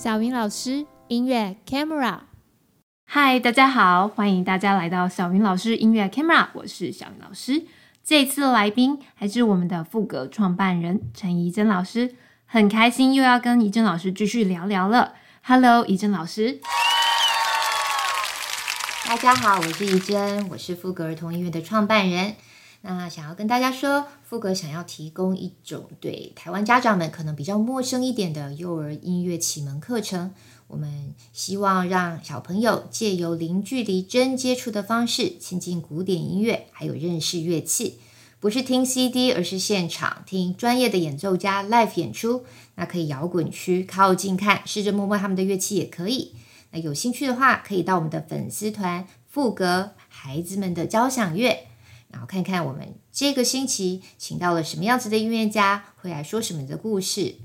小芸老師音樂 Camera，嗨，Hi, 大家好，歡迎大家來到小芸老師音樂 Camera，我是小芸老師。這次的來賓還是我們的賦格創辦人陳怡臻老師，很開心又要跟怡臻老師繼續聊聊了。Hello，怡臻老師，大家好，我是怡臻，我是賦格兒童音樂的創辦人。那想要跟大家說，賦格想要提供一種對台灣家長們可能比較陌生一點的幼兒音樂啟蒙課程。我們希望讓小朋友借由零距離真接觸的方式，親近古典音樂，還有認識樂器。不是聽 CD，而是現場聽專業的演奏家 live 演出。那可以搖滾區靠近看，試着摸摸他們的樂器也可以。那有興趣的話，可以到我們的粉絲團“賦格孩子們的交響樂”。然後看看我們這個星期請到了什麼樣子的音樂家會來說什麼的故事。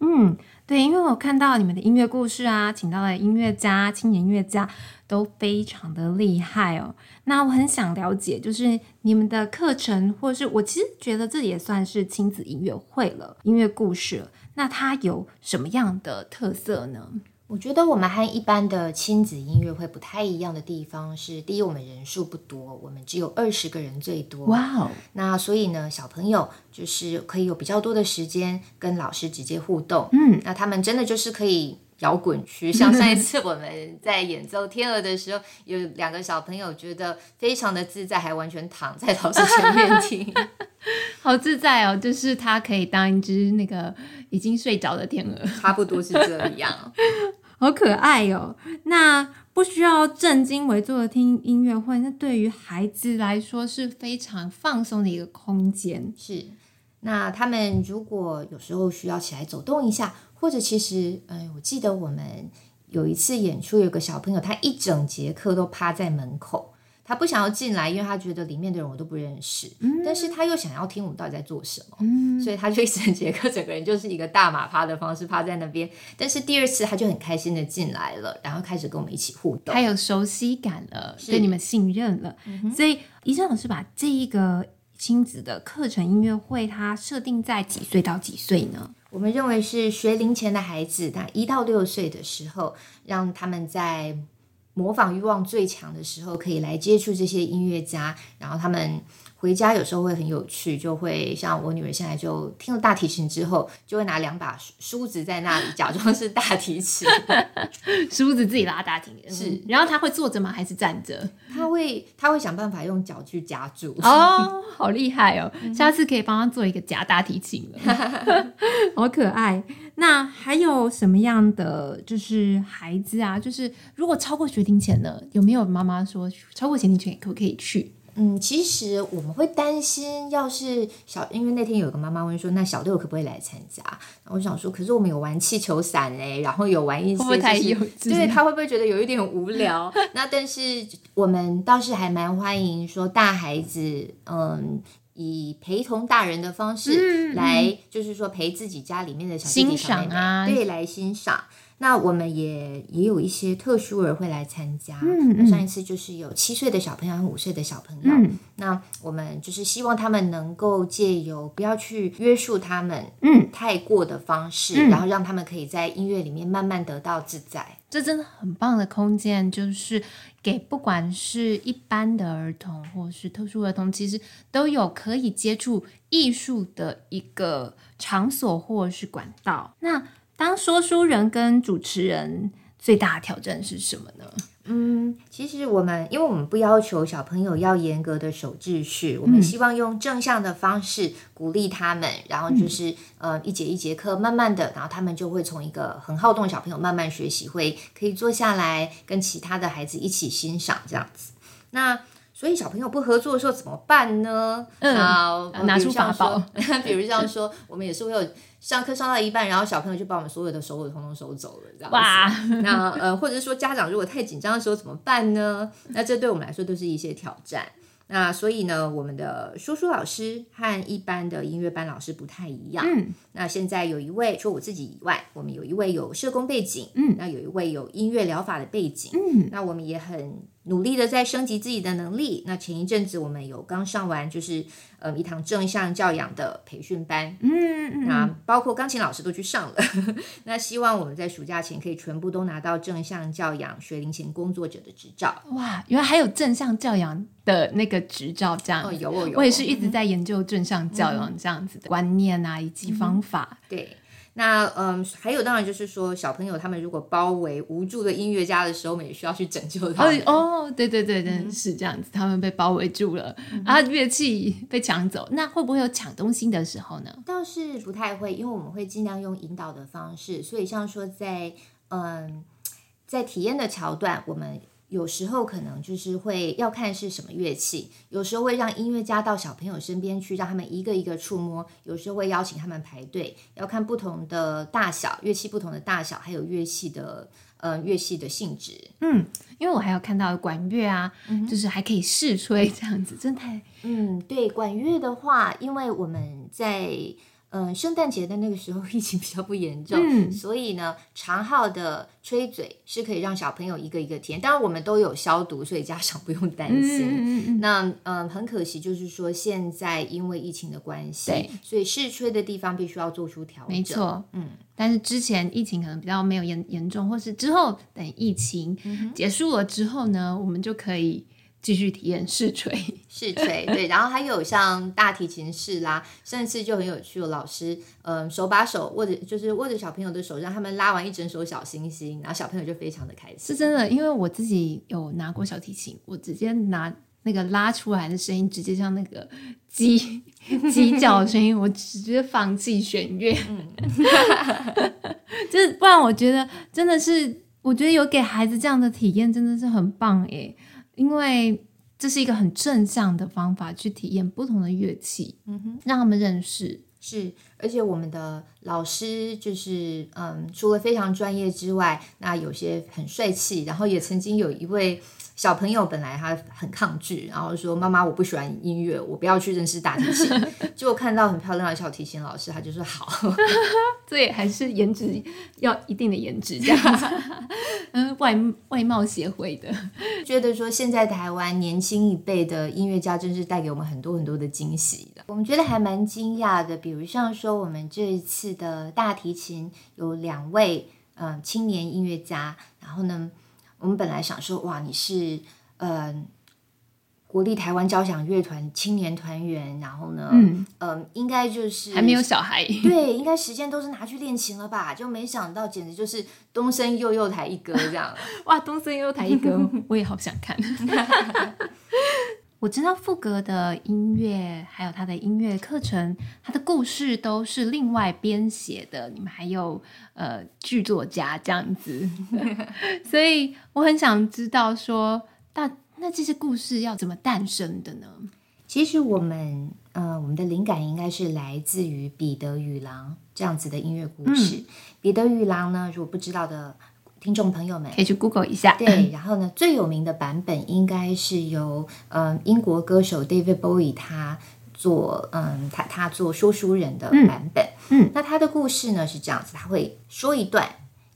嗯，對，因為我看到你們的音樂故事啊，請到了音樂家、青年音樂家都非常的厲害哦。那我很想了解，就是你們的課程，或是我其實覺得這也算是親子音樂會了，音樂故事，那它有什麼樣的特色呢？我覺得我們和一般的親子音樂會不太一樣的地方是，第一，我們人數不多，我們只有二十個人最多。哇哦！那所以呢，小朋友就是可以有比較多的時間跟老師直接互動。嗯，那他們真的就是可以搖滾區，像上一次我們在演奏《天鵝》的時候， 有兩個小朋友覺得非常的自在，還完全躺在老師前面聽。 好自在哦，就是他可以當一隻那個已經睡着的天鵝，差不多是這樣， 好可愛哦。那不需要正襟危坐的聽音樂會，那對於孩子來說是非常放鬆的一個空間。是，那他們如果有時候需要起來走動一下，或者其實，嗯，我記得我們有一次演出，有個小朋友他一整節課都趴在門口。他不想要進來，因為他覺得裡面的人我都不認識。嗯，但是他又想要聽我們到底在做什麼，嗯、所以他就一整節課整個人就是一個大馬趴的方式趴在那邊。但是第二次他就很開心的進來了，然後開始跟我們一起互動，他有熟悉感了，是對你們信任了。嗯、哼所以怡臻老師把這一個親子的課程音樂會，它設定在幾歲到幾歲呢？我們認為是學齡前的孩子，他一到六歲的時候，讓他們在。模仿欲望最強的時候，可以來接觸這些音樂家，然後他們。回家有時候會很有趣，就會像我女兒現在就聽了大提琴之後，就會拿兩把梳子在那裡假裝是大提琴， 梳子自己拉大提琴。是，然後她會坐着嗎？還是站着？她會她會想辦法用腳去夾住。哦，是好厲害哦！嗯、下次可以幫她做一個夾大提琴了 好可愛。那還有什麼樣的就是孩子啊？就是如果超過學齡前呢？有沒有媽媽說超過學齡前可不可以去？嗯，其實我們會擔心，要是小，因為那天有個媽媽問說，那小六可不可以來參加？然後我想說，可是我們有玩氣球傘嘞、欸，然後有玩一些、就是，會會對他會不會覺得有一點無聊？ 那但是我們倒是還蠻歡迎說大孩子，嗯，以陪同大人的方式來，就是說陪自己家裡面的小弟弟欣賞、啊、小妹妹，對，來欣賞。那我們也也有一些特殊兒會來參加。嗯，那上一次就是有七歲的小朋友和五歲的小朋友。嗯，那我們就是希望他們能夠借由不要去約束他們，嗯，太過的方式，嗯，然後讓他們可以在音樂裡面慢慢得到自在。嗯，這真的很棒的空間，就是給不管是一般的兒童或是特殊兒童，其實都有可以接觸藝術的一個場所或是管道。那。當、啊、說書人跟主持人最大的挑戰是什麼呢？嗯，其實我們因為我們不要求小朋友要嚴格的守秩序，嗯、我們希望用正向的方式鼓勵他們，然後就是、嗯、呃一節一節課慢慢的，然後他們就會從一個很好動的小朋友慢慢學習，會可以坐下來跟其他的孩子一起欣賞這樣子。那所以小朋友不合作的時候怎麼辦呢？嗯，好、嗯，嗯、拿出法寶，比如這樣說， 是說我們也是會有。上課上到一半，然後小朋友就把我們所有的手偶通通收走了，你知道哇！那呃，或者說家長如果太緊張的時候怎麼辦呢？那這對我們來說都是一些挑戰。那所以呢，我們的說書老師和一般的音樂班老師不太一樣。嗯。那現在有一位，除了我自己以外，我們有一位有社工背景，嗯，那有一位有音樂療法的背景，嗯，那我們也很。努力的在升級自己的能力。那前一陣子我們有剛上完，就是嗯一堂正向教養的培訓班，嗯嗯，那包括鋼琴老師都去上了。 那希望我們在暑假前可以全部都拿到正向教養學齡前工作者的執照。哇，原來還有正向教養的那個執照這樣。哦，有哦，有、哦。我也是一直在研究正向教養這樣子的、嗯、觀念啊，以及方法。嗯、對。那嗯，還有當然就是說，小朋友他們如果包圍無助的音樂家的時候，我們也需要去拯救他們。哦，對對對，對、嗯，是這樣子，他們被包圍住了，嗯哼，啊，樂器被搶走，那會不會有搶東西的時候呢？倒是不太會，因為我們會盡量用引導的方式，所以像說在嗯，在體驗的橋段，我們。有時候可能就是會要看是什麼樂器，有時候會讓音樂家到小朋友身邊去，讓他們一個一個觸摸；有時候會邀請他們排隊，要看不同的大小樂器、不同的大小，還有樂器的呃樂器的性質。嗯，因為我還有看到管樂啊，嗯、哼就是還可以試吹這樣子，真的太……嗯，對，管樂的話，因為我們在。嗯，聖誕節的那個時候疫情比較不嚴重，嗯，所以呢，長號的吹嘴是可以讓小朋友一個一個填，當然我們都有消毒，所以家長不用擔心。嗯嗯那嗯，很可惜，就是說現在因為疫情的關係，對所以試吹的地方必須要做出調整。沒錯錯，嗯，但是之前疫情可能比較沒有嚴嚴重，或是之後等疫情結束了之後呢，我們就可以。繼續體驗試吹，試吹，對，然後還有像大提琴試拉， 甚至就很有趣的老師，嗯、呃，手把手握着，就是握着小朋友的手，讓他們拉完一整首《小星星》，然後小朋友就非常的開心。是真的，因為我自己有拿過小提琴，我直接拿那個拉出來的聲音，直接像那個雞 雞叫聲音，我直接放棄弦樂。 就是，不然我覺得真的是，我覺得有給孩子這樣的體驗，真的是很棒哎。因為這是一個很正向的方法，去體驗不同的樂器，嗯、哼讓他們認識。是，而且我們的老師就是，嗯，除了非常專業之外，那有些很帥氣。然後也曾經有一位小朋友，本來他很抗拒，然後說：“媽媽，我不喜歡音樂，我不要去認識大提琴。” 結果看到很漂亮的小提琴老師，他就說：“好。”所以還是顏值要一定的顏值這樣，嗯， 外外貌協會的覺得說，現在台灣年輕一輩的音樂家真是帶給我們很多很多的驚喜的，我們覺得還蠻驚訝的，比。比如像說，我們這一次的大提琴有兩位，嗯、呃，青年音樂家。然後呢，我們本來想說，哇，你是，嗯、呃，國立台灣交響樂團青年團員。然後呢，嗯、呃，應該就是還沒有小孩。對，應該時間都是拿去練琴了吧？就沒想到，簡直就是東森幼幼台一哥這樣。 哇，東森幼幼台一哥， 我也好想看。 我知道賦格的音樂，還有他的音樂課程，他的故事都是另外編寫的。你們還有呃劇作家這樣子， 所以我很想知道說，大那，那這些故事要怎麼誕生的呢？其實我們呃我們的靈感應該是來自於《彼得與狼》這樣子的音樂故事。嗯，《彼得與狼》呢，如果不知道的。聽眾朋友們可以去 Google 一下，對，然後呢，最有名的版本應該是由嗯英國歌手 David Bowie 他做，嗯，他他做說書人的版本，嗯，嗯那他的故事呢是這樣子，他會說一段，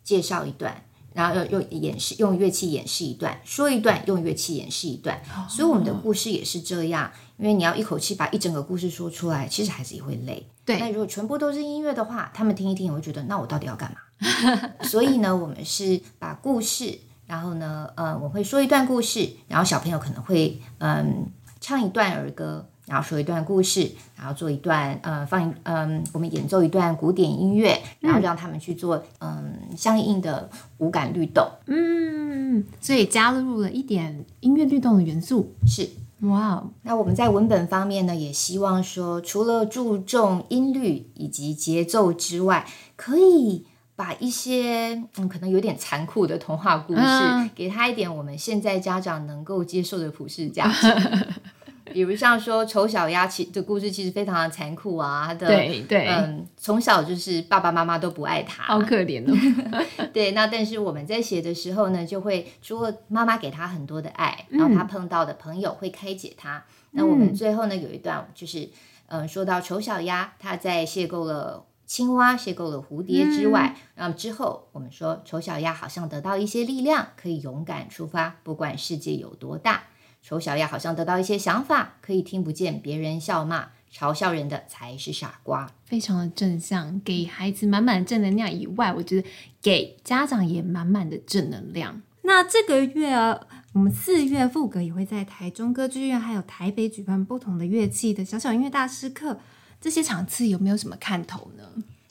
介紹一段，然後又又演示用樂器演示一段，說一段用樂器演示一段，所以我們的故事也是這樣，因為你要一口氣把一整個故事說出來，其實孩子也會累，對，那如果全部都是音樂的話，他們聽一聽也會覺得，那我到底要幹嘛？ 所以呢，我們是把故事，然後呢，呃，我會說一段故事，然後小朋友可能會嗯、呃、唱一段兒歌，然後說一段故事，然後做一段呃放一嗯、呃、我們演奏一段古典音樂，然後讓他們去做嗯、呃、相應的五感律動，嗯，所以加入了一點音樂律動的元素，是哇。Wow 那我們在文本方面呢，也希望說除了注重音律以及節奏之外，可以。把一些嗯可能有點殘酷的童話故事，嗯、給他一點我們現在家長能夠接受的普世價值， 比如像說醜小鴨其的故事其實非常的殘酷啊，對對，對嗯，從小就是爸爸媽媽都不愛他，好可憐哦。 對，那但是我們在寫的時候呢，就會除了媽媽給他很多的愛，然後他碰到的朋友會開解他。嗯、那我們最後呢有一段就是嗯說到醜小鴨，他在邂逅了。青蛙邂逅了蝴蝶之外，那麼、嗯、之後我們說，醜小鴨好像得到一些力量，可以勇敢出發，不管世界有多大。醜小鴨好像得到一些想法，可以聽不見別人笑罵，嘲笑人的才是傻瓜，非常的正向，給孩子滿滿正能量以外，我覺得給家長也滿滿的正能量。那這個月、啊，我們四月賦格也會在台中歌劇院還有台北舉辦不同的樂器的小小音樂大師課。這些場次有沒有什麼看頭呢？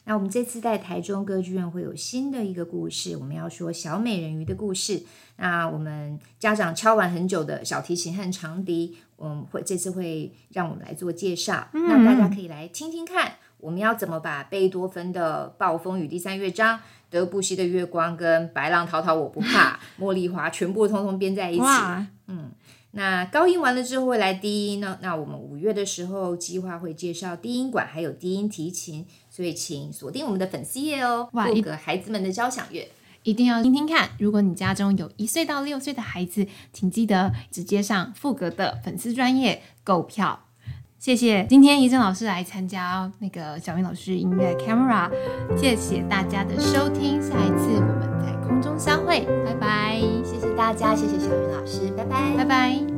那我們這次在台中歌劇院會有新的一個故事，我們要說小美人魚的故事。那我們家長敲完很久的小提琴和長笛，嗯，會這次會讓我們來做介紹，嗯、那大家可以來聽聽看，我們要怎麼把貝多芬的《暴風雨》第三樂章、德布西的《月光》跟《白浪滔滔我不怕》、《 茉莉花》全部通通編在一起，哇嗯。那高音完了之後會來低音呢？那我們五月的時候計劃會介紹低音管還有低音提琴，所以請鎖定我們的粉絲頁哦。哇，賦格孩子們的交響樂一定要聽聽看。如果你家中有一歲到六歲的孩子，請記得直接上賦格的粉絲專業購票。謝謝，今天怡臻老師來參加那個小芸老師音樂 camera，謝謝大家的收聽，下一次我們。空中相會，拜拜！謝謝大家，謝謝小芸老師，拜拜，拜拜。